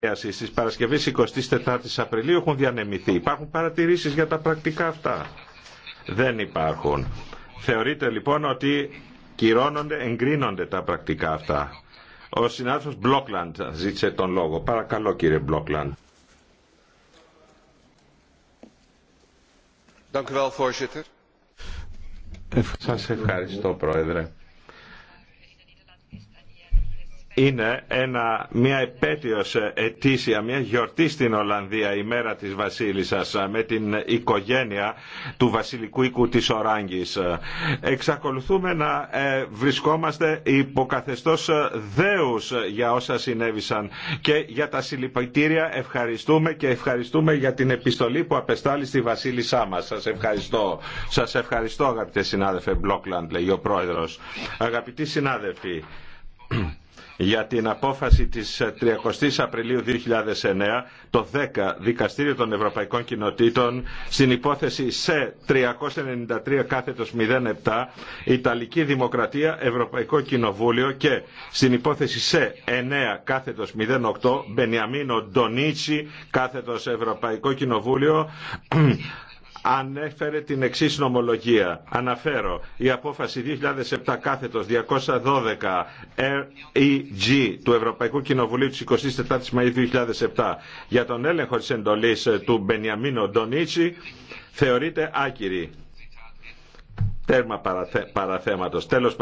συνεδρίαση στις Παρασκευή 24ης Απριλίου έχουν διανεμηθεί. Υπάρχουν παρατηρήσεις για τα πρακτικά αυτά. Δεν υπάρχουν. Θεωρείται λοιπόν ότι κυρώνονται, εγκρίνονται τα πρακτικά αυτά. Ο συνάδελφος Μπλόκλαντ ζήτησε τον λόγο. Παρακαλώ κύριε Μπλόκλαντ. Σας ευχαριστώ πρόεδρε είναι ένα, μια επέτειος ετήσια, μια γιορτή στην Ολλανδία η μέρα της Βασίλισσας με την οικογένεια του βασιλικού οίκου της Οράγγης. Εξακολουθούμε να ε, βρισκόμαστε υποκαθεστώς δέους για όσα συνέβησαν και για τα συλληπιτήρια ευχαριστούμε και ευχαριστούμε για την επιστολή που απεστάλλει στη Βασίλισσά μας. Σας ευχαριστώ. Σας ευχαριστώ αγαπητέ συνάδελφε Μπλόκλαντ, λέει ο πρόεδρος. Αγαπητοί συνάδελφοι, για την απόφαση της 30 Απριλίου 2009 το 10 Δικαστήριο των Ευρωπαϊκών Κοινοτήτων στην υπόθεση σε 393 κάθετος 07 Ιταλική Δημοκρατία Ευρωπαϊκό Κοινοβούλιο και στην υπόθεση σε 9 κάθετος 08 Μπενιαμίνο Ντονίτσι κάθετος Ευρωπαϊκό Κοινοβούλιο ανέφερε την εξής νομολογία. Αναφέρω, η απόφαση 2007 κάθετος 212 REG ε του Ευρωπαϊκού Κοινοβουλίου της 24ης Μαΐου 2007 για τον έλεγχο της εντολής ε, του Μπενιαμίνο Ντονίτσι θεωρείται άκυρη. Τέρμα παραθέματος. Τέλος